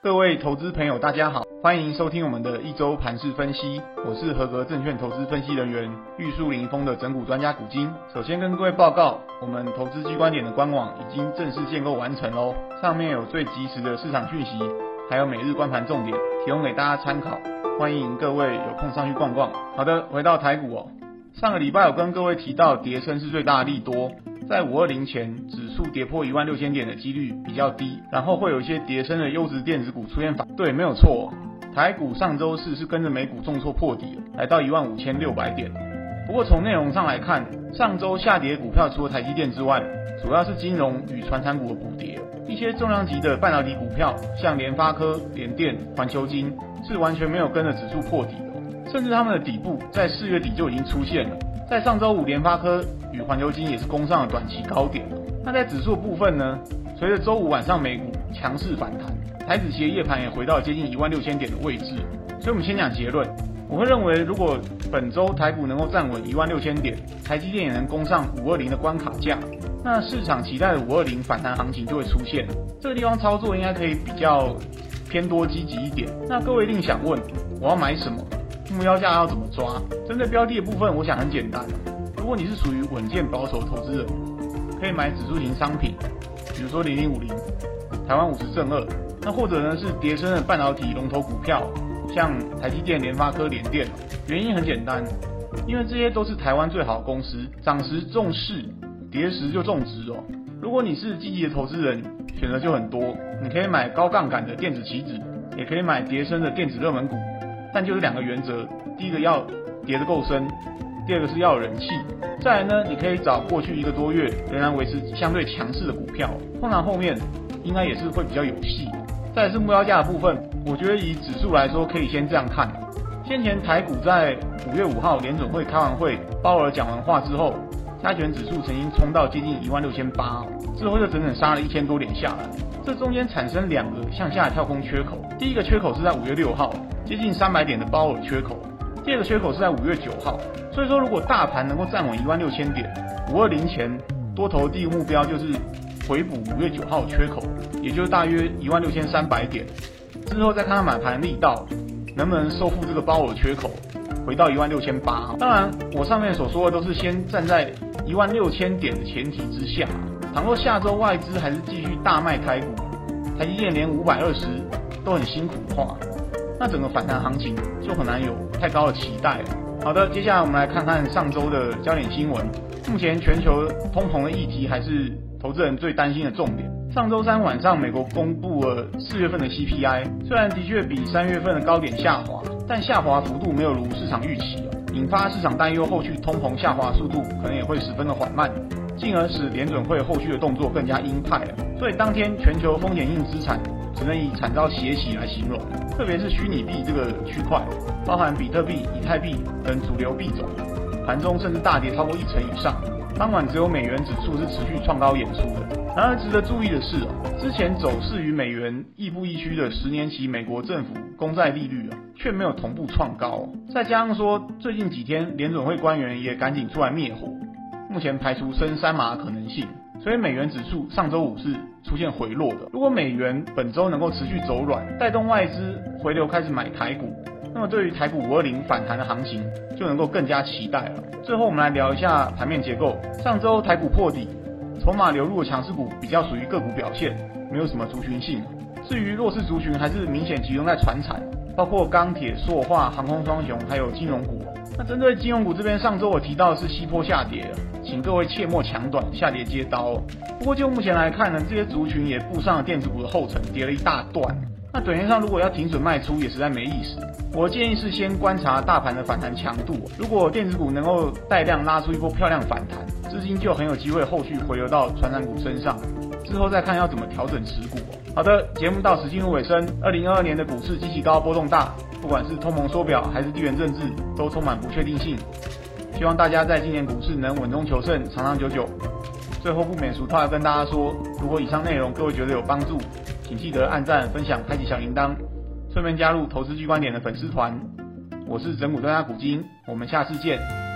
各位投資朋友，大家好，歡迎收聽我們的一周盤勢分析。我是合格證券投資分析人員玉樹臨風的拯股專家股晶。首先跟各位報告，我們投資 G 觀點的官網已經正式建構完成嘍，上面有最即時的市場訊息，還有每日觀盤重點，提供給大家參考。歡迎各位有空上去逛逛。好的，回到台股哦，上個禮拜我跟各位提到，跌深是最大的利多。在五二零前，指數跌破一萬六千點的幾率比較低，然後會有一些跌深的優質電子股出現反彈。對，沒有錯。台股上周四是跟着美股重挫破底，來到一萬五千六百點。不過從內容上來看，上周下跌股票除了台積電之外，主要是金融與傳產股的補跌。一些重量級的半導體股票，像聯發科、聯電、環球晶，是完全沒有跟着指數破底的，甚至他們的底部在四月底就已經出現了。在上周五，聯發科與環球晶也是攻上了短期高點。那在指數部分呢，隨着周五晚上美股強勢反彈，台指期的夜盤也回到了接近一萬六千點的位置。所以我們先講結論，我會認為，如果本周台股能夠站穩一萬六千點，台積電也能攻上五二零的關卡價，那市場期待的五二零反彈行情就會出現。這個地方操作應該可以比較偏多積極一點。那各位一定想問，我要買什麼？目標價要怎麼抓？針對標的的部分，我想很簡單。如果你是屬於穩健保守投資人，可以買指數型商品，比如說零零五零、台灣五十正二，那或者呢是跌深的半導體龍頭股票，像台積電、聯發科、聯電。原因很簡單，因為這些都是台灣最好的公司，漲時重勢，跌時就重質哦。如果你是積極的投資人，選擇就很多，你可以買高槓桿的電子期指，也可以買跌深的電子熱門股。但就是兩個原則，第一個要跌得夠深，第二個是要有人氣。再來呢，你可以找過去一個多月仍然維持相對強勢的股票，通常後面應該也是會比較有戲。再來是目標價的部分，我覺得以指數來說，可以先這樣看。先前台股在五月五號聯準會開完會，鮑爾講完話之後，加權指數曾經冲到接近一萬六千八，之後就整整殺了一千多點下來。這中間產生兩個向下的跳空缺口，第一個缺口是在五月六號，接近三百點的鮑爾缺口；第二個缺口是在五月九號。所以說，如果大盤能夠站穩一萬六千點，五二零前多頭第一個目標就是回補五月九號缺口，也就是大約一萬六千三百點。之後再看看買盤力道能不能收復這個鮑爾缺口，回到一萬六千八。當然，我上面所說的都是先站在。一萬六千點的前提之下，倘若下周外資還是繼續大賣台股，台積電連五百二十都很辛苦的話，那整個反彈行情就很難有太高的期待了。好的，接下來我們來看看上周的焦點新聞。目前全球通膨的議題還是投資人最擔心的重點。上周三晚上，美國公布了四月份的 CPI，雖然的確比三月份的高點下滑，但下滑幅度沒有如市場預期引發市場擔憂，後續通膨下滑速度可能也會十分的緩慢，進而使聯準會後續的動作更加鷹派了。所以當天全球風險性資產只能以慘遭血洗來形容，特別是虛擬幣這個區塊，包含比特幣、以太幣等主流幣種，盤中甚至大跌超過一成以上。當晚只有美元指數是持續創高演出的。然而，值得注意的是啊，之前走勢與美元亦步亦趨的十年期美國政府公債利率啊，卻沒有同步創高啊。再加上說，最近幾天聯準會官員也趕緊出來滅火，目前排除升三碼的可能性。所以，美元指數上周五是出現回落的。如果美元本周能夠持續走軟，帶動外資回流開始買台股，那麼對於台股五二零反彈的行情就能夠更加期待了。最後，我們來聊一下盤面結構。上周台股破底。籌碼流入的強勢股比較屬於個股表現，沒有什麼族群性。至於弱勢族群，還是明顯集中在傳產，包括鋼鐵、塑化、航空雙雄，還有金融股。那針對金融股這邊，上周我提到的是西坡下跌，請各位切莫搶短，下跌接刀。不過就目前來看呢，這些族群也步上了電子股的後塵，跌了一大段。那短線上如果要停損賣出，也實在沒意思。我的建議是先觀察大盤的反彈強度，如果電子股能夠帶量拉出一波漂亮反彈，資金就很有機會後續回流到傳產股身上，之後再看要怎麼調整持股。好的，節目到此進入尾聲。二零二二年的股市極其高波動大，不管是通膨縮表還是地緣政治，都充滿不確定性。希望大家在今年股市能穩中求勝，長長久久。最後不免俗套地跟大家說，如果以上內容各位覺得有幫助，請記得按讚、分享、開啟小鈴鐺，順便加入投資 G 觀點的粉絲團。我是拯股專家股晶，我們下次見。